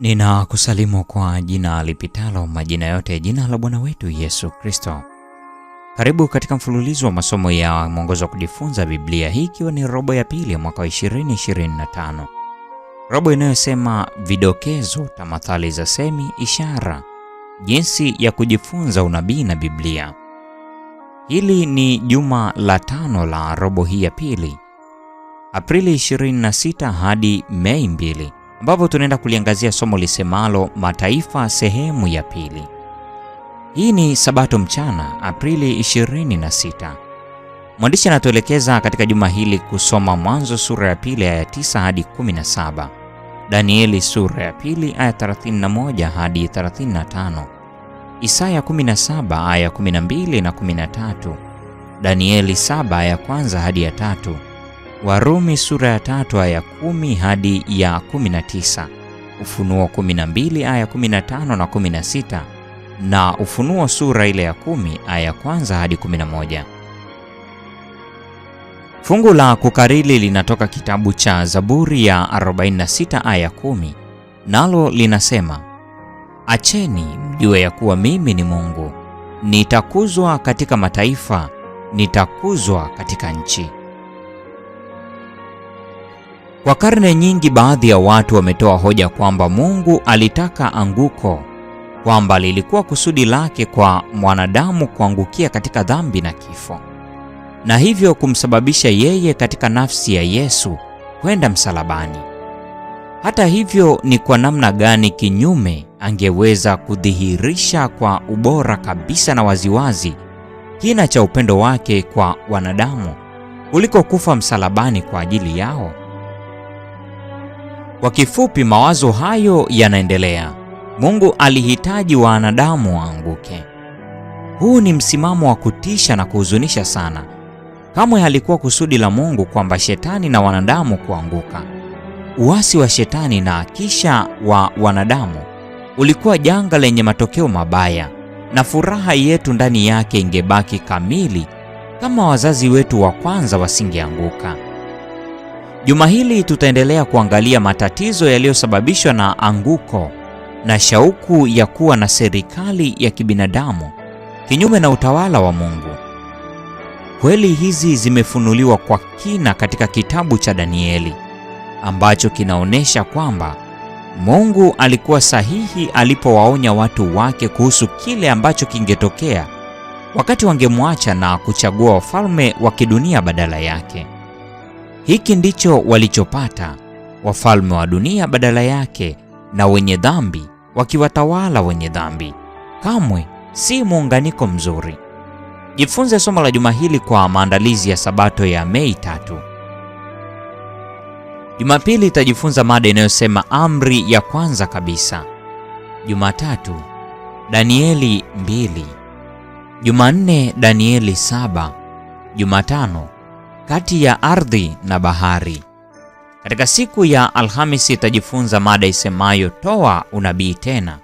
Nina kusalimu kwa jina lipitalo majina yote, jina la Bwana wetu Yesu Kristo. Karibu katika mfululizo wa masomo ya mwongozo wa kujifunza Biblia, hii ikiwa ni robo ya pili ya mwaka wa 2025, robo inayosema vidokezo, tamathali za semi, ishara, jinsi ya kujifunza unabii na Biblia. Hili ni juma la tano la robo hii ya pili, Aprili 26 hadi Mei 2 ambapo tunaenda kuliangazia somo lisemalo mataifa sehemu ya pili. Hii ni Sabato mchana Aprili 26. Mwandishi anatuelekeza katika juma hili kusoma Mwanzo sura ya pili aya 9 hadi 17, Danieli sura ya pili aya 31 hadi 35, Isaya 17 aya 12 na 13, Danieli 7 aya kwanza hadi ya tatu Warumi sura ya tatu aya kumi hadi ya kumi na tisa Ufunuo kumi na mbili aya kumi na tano na kumi na na sita Ufunuo sura ile ya kumi aya ya kwanza hadi kumi na moja. Fungu la kukariri linatoka kitabu cha Zaburi ya 46 aya 10, nalo linasema, acheni mjue ya kuwa mimi ni Mungu, nitakuzwa katika mataifa, nitakuzwa katika nchi. Kwa karne nyingi, baadhi ya watu wametoa hoja kwamba Mungu alitaka anguko, kwamba lilikuwa kusudi lake kwa mwanadamu kuangukia katika dhambi na kifo, na hivyo kumsababisha yeye katika nafsi ya Yesu kwenda msalabani. Hata hivyo, ni kwa namna gani kinyume angeweza kudhihirisha kwa ubora kabisa na waziwazi kina cha upendo wake kwa wanadamu kuliko kufa msalabani kwa ajili yao? Kwa kifupi, mawazo hayo yanaendelea: Mungu alihitaji wanadamu waanguke. Huu ni msimamo wa kutisha na kuhuzunisha sana. Kamwe halikuwa kusudi la Mungu kwamba shetani na wanadamu kuanguka. Uasi wa shetani na kisha wa wanadamu ulikuwa janga lenye matokeo mabaya, na furaha yetu ndani yake ingebaki kamili kama wazazi wetu wa kwanza wasingeanguka. Juma hili tutaendelea kuangalia matatizo yaliyosababishwa na anguko na shauku ya kuwa na serikali ya kibinadamu kinyume na utawala wa Mungu. Kweli hizi zimefunuliwa kwa kina katika kitabu cha Danieli ambacho kinaonyesha kwamba Mungu alikuwa sahihi alipowaonya watu wake kuhusu kile ambacho kingetokea wakati wangemwacha na kuchagua wafalme wa kidunia badala yake. Hiki ndicho walichopata wafalme wa dunia badala yake, na wenye dhambi wakiwatawala wenye dhambi. Kamwe si muunganiko mzuri. Jifunze somo la juma hili kwa maandalizi ya Sabato ya Mei tatu. Jumapili itajifunza mada inayosema amri ya kwanza kabisa. Jumatatu Danieli mbili. Jumanne Danieli saba. Jumatano kati ya ardhi na bahari. Katika siku ya Alhamisi itajifunza mada isemayo toa unabii tena,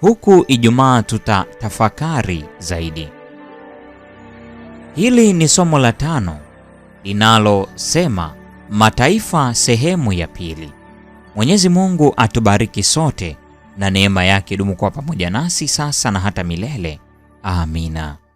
huku Ijumaa tutatafakari zaidi. Hili ni somo la tano linalosema mataifa sehemu ya pili. Mwenyezi Mungu atubariki sote na neema yake dumu kwa pamoja nasi sasa na hata milele. Amina.